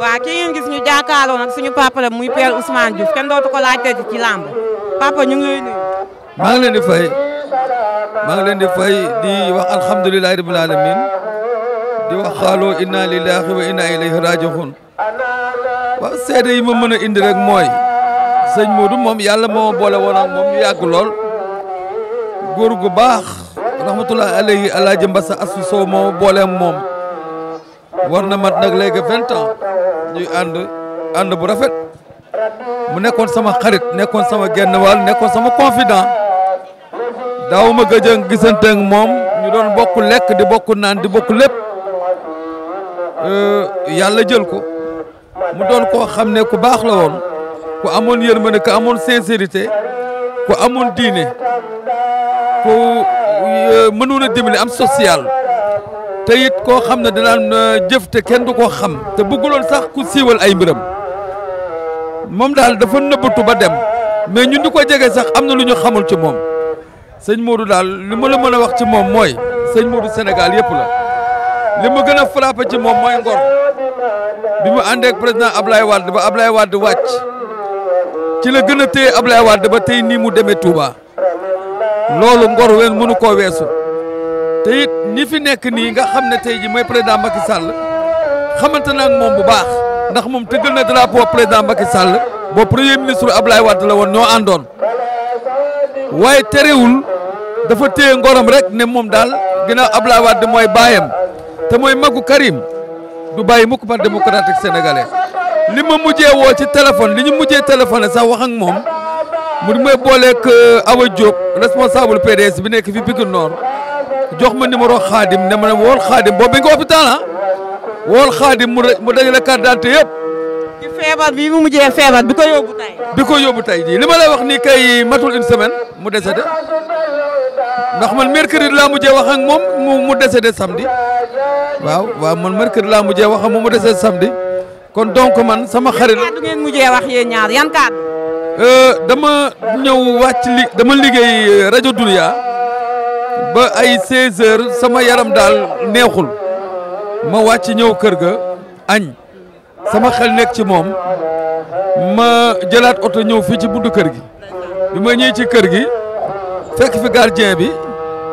waaw ki ngeen gis ñu jàkkaarloo suñu papa la muy père Ousmane Diouf kenn dootu ko laajtee ci làmb papa ñu ngi lay nuyu. maa ngi leen di fay maa ngi leen di fay di wax rabbil alamin di wax xaalu inna lillahi wa inna ilayhi raji'un waaw seede yi ma mën a indi rek mooy sëñ Modou moom yàlla moo boole woon ak moom ñu lool góor gu baax rahmatullahi alayhi alaaji Mbassa mat nag léegi ans ñuy ànd ànd bu rafet mu nekkoon sama xarit nekkoon sama genn wàll nekkoon sama confident daaw ma gëj a gisante moom ñu doon bokk lekk di bokk naan di bokk lépp euh, yàlla jël ko mu doon ko xam ne ku baax la woon ku amoon yërmande ku amoon sincérité ku amoon diine ku euh, mënoon a dimbali am social. te koo xam ne danaan euh, jëf kenn du ko xam te bëgguloon sax ku siiwal ay mbiram moom daal dafa nëbbatu ba dem mais ñun ñu ko jege sax am na lu ñu xamul ci moom sëñ Modou daal li ma la mën a wax ci moom mooy sëñ Modou Sénégal yëpp la li ma gën a frappé ci moom mooy ngor bi mu àndee ak président Ablaye Wade ba Ablaye Wade wàcc ci la gën a téye Ablaye Wade ba tey nii mu demee Touba loolu ngor ween mënu koo weesu. te it ñi fi nekk nii nga xam ne tey ji mooy président Macky Sall xamante na moom bu baax ndax moom tëggal na drapeau président Macky Sall ba premier ministre Abdoulaye Wade la woon ñoo àndoon waaye terewul dafa téye ngorom rek ne moom daal ginnaaw Abdoulaye Wade mooy baayam te mooy magu Karim du bàyyi mukk Parti démocratique sénégalais li ma mujjee woo ci téléphone li ñu mujjee téléphone sax wax ak moom mu mooy booleeg euh, Awa Diop responsable PDS bi nekk fi Pikine Nord jox ma numéro xaadim ne ma ne wool xaadim boobu hôpital ah wool xaadim mu dajale carte d'identité yëpp. ci feebar bi mu mujjee feebar bi ko yóbbu tey. bi ko yóbbu tey lay wax nii kay matul une semaine mu décédé ndax man mercredi wax ak mu décédé samedi waaw man mercredi wax ak mu décédé samedi kon donc man sama xarit. yan ngeen mujjee wax yéen ñaar yan euh, dama ñëw wàcc li dama liggéey euh, rajo Dunia. ba ay 16 sama yaram daal neexul ma wàcc ñëw kër ga añ sama xel nekk ci moom ma jëlaat oto ñëw fii ci buddu kër gi bi ma ñëwee ci kër gi fekk fi gardien bi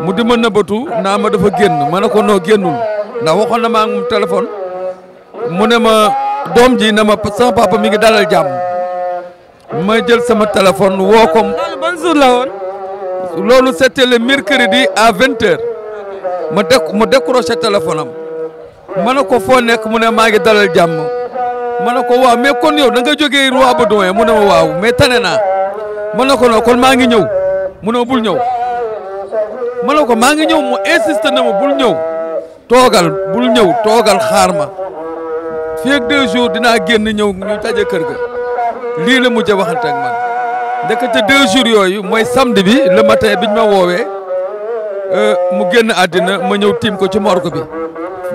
mu di ma nëbbatu naa ma dafa génn ma ne ko noo génnul ndax waxoon na ma ak moom téléphone mu ne ma doom ji na ma sama papa mi ngi dalal jàmm ma jël sama téléphone woo ko. loolu c'était le mercredi à vingt heures ma déc ma décroché téléphone am ma ne ko foo nekk mu ne maa ngi dalal jàmm ma ne ko waaw mais kon yow da nga jógee roi ba doyen mu ne ma waaw mais tane naa ma ne ko non kon maa ngi ñëw mu ne ma bul ñëw ma ne ko maa ngi ñëw mu insisté na bul ñëw toogal bul ñëw toogal xaar ma fii ak deux jours dinaa génn ñëw ñu taje kër ga lii la mujj waxante ak man. ndek ca deux yooyu mooy samedi bi le matin biñ ma woowee euh, mu génn àddina ma ñëw tiim ko ci morgue bi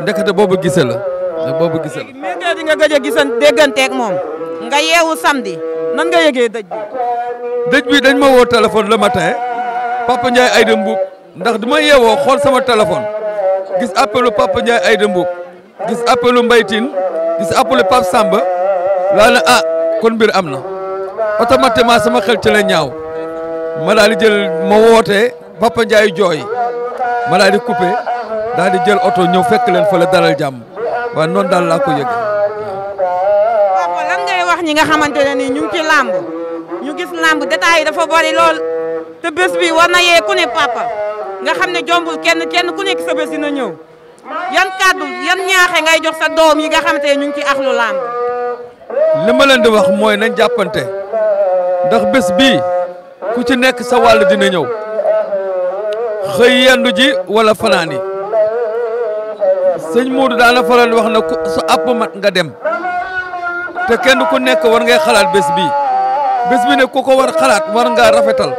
ndekete boobu gise la boobu gise la. mercredi nga gëj a gisan dégganteeg moom nga yeewu samedi nan nga yégee dëj bi. dëj bi dañ ma woo téléphone le matin Papa Ndiaye Aïda ndax du ma yeewoo xool sama téléphone gis appelu Papa Ndiaye Aïda Mboup gis appelu Mbaytin gis appelu Pape Samba laa ne ah kon mbir am na. automatiquement sama xel ci la ñaaw ma daal di jël ma wootee Papa Ndiaye jooy ma daal di coupé daal di jël oto ñëw fekk leen fa la dalal jàmm waaw noonu daal laa ko yëg papa lan ngay wax ñi nga xamante ne nii ñu ngi ci làmb ñu gis làmb détails yi dafa bari lool te bés bi war na yee ku ne papa nga xam ne jombul kenn kenn ku nekk sa bés dina ñëw yan kàddu yan ñaaxe ngay jox sa doom yi nga xamante ne ñu ngi ci axlu làmb li ma leen di wax mooy nañ jàppante ndax bés bii ku ci nekk sa wàll dina ñëw xëy yendu ji wala fanaani sëñ Moodu daana faral wax na ku su àpp mat nga dem te kenn ku nekk war ngay xalaat bés bi bés bi ne ku ko war xalaat war ngaa rafetal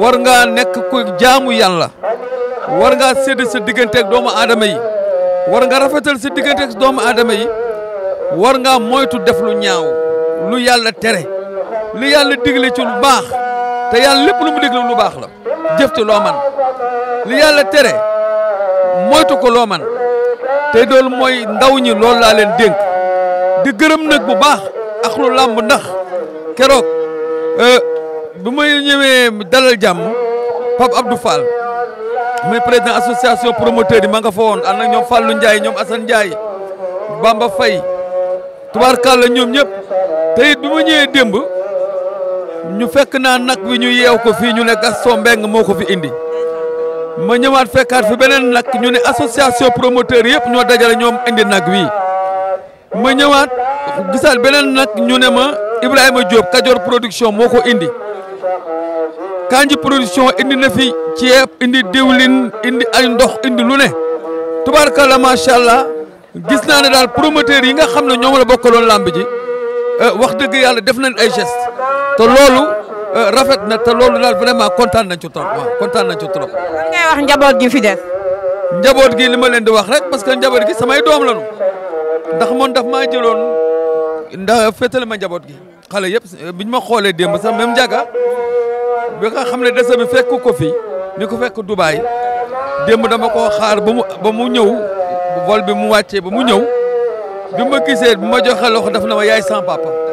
war ngaa nekk ku jaamu yàlla war ngaa sédd sa digganteeg doomu aadama yi war nga rafetal sa digganteeg doomu aadama yi war ngaa moytu def lu ñaaw lu yàlla tere li yàlla digle ci lu baax te yàlla lépp lu mu digle lu baax la jëf ci loo man li yàlla tere moytu ko loo man te doolu mooy ndaw ñi loolu laa leen dénk di gërëm nag bu baax ak lu làmb ndax keroog euh, bi may ñëwee dalal jàmm du Abdou Fall muy président association promoteur yi ma nga fa woon ànd ak ñoom Fallou Ndiaye ñoom Assane Ndiaye Bamba Faye tubaarkàlla ñoom ñëpp te it bi ma ñëwee démb ñu fekk naa nag wi ñu yeew ko fii ñu ne Gaston Mbengue moo ko fi indi ma ñëwaat fekkaat fi beneen nag ñu ne association promoteur yëpp ñoo dajale ñoom indi nag wi ma ñëwaat gisaat beneen nag ñu ne ma Ibrahima Diop Kajoor production moo ko indi Kanji production indi na fi ceeb indi diwlin indi ay ndox indi lu ne tubaarkalla macha allah gis naa ne daal promoteur yi nga xam ne ñoom la bokkaloon làmb ji euh, wax dëgg yàlla def nañ ay geste te loolu euh, rafet na te loolu daal vraiment kontaan nañ ci trop waaw kontaan nañ ci trop. lan ngay wax njaboot gi fi des. njaboot gi li ma leen di wax rek parce que njaboot gi samay doom lañu ndax man daf maa jëloon ndax féetale ma njaboot gi xale yëpp bi ñu ma xoolee démb sax même Ndiaga bi nga xam ne dese bi fekk ko fi ni ko fekk Dubaay démb dama koo xaar ba mu ba mu ñëw vol bi mu wàccee ba mu ñëw bi ma gisee bi ma joxe loxo daf na ma yaay sans papa.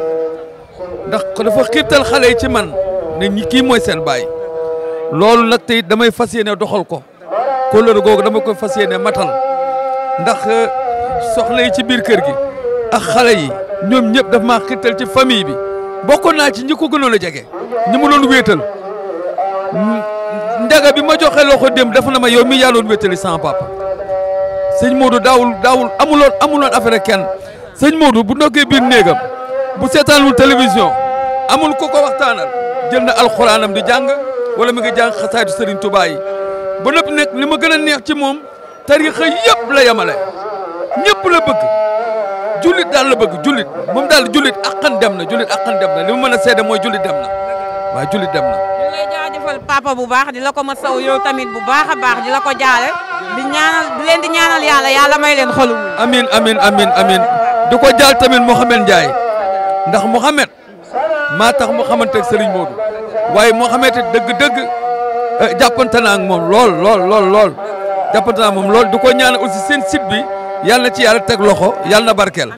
ndax dafa xiirtal xale yi ci man ne ñi kii mooy seen baay loolu nag tey damay fas yéene doxal ko kóllëre googu dama koy fas yéene matal ndax euh, soxla yi ci biir kër gi ak xale yi ñoom ñëpp daf maa xiirtal ci famille bi bokkoon naa ci ñi ko gënoon a jege ñi ma doon wéetal njaga bi ma joxe loxo démb dafa na ma yow mi yaa doon wéetali sans papa sëñ Modou daawul daawul amuloon amuloon affaire kenn sëñ Modou bu nokkee biir néegam bu seetaanul télévision amul ku ko waxtaanal jël na alxuraanam di jàng wala mi ngi jàng xasaaydu Serigne Touba tubaay ba nëpp nekk li ma gën a neex ci moom tarixa yëpp la yemale ñëpp la bëgg jullit daal la bëgg jullit moom daal jullit akkan dem na jullit akkan dem na li ma mën a seede mooy jullit dem na waaw jullit dem na. ñu lay jaajëfal papa bu baax di ko ma saw yow tamit bu baax a baax di la ko jaale di ñaanal di leen di ñaanal yàlla yàlla may leen xolum. amiin amiin ndax Mouhamed maa tax mu xamante ak Serigne Modou waaye Mouhamed it dëgg-dëgg eh, jàppante naa ak moom lool lool lool lool jàppante naa moom lool du ko ñaan aussi seen site bi yàlla na ci yàlla teg loxo yàlla na barkeel.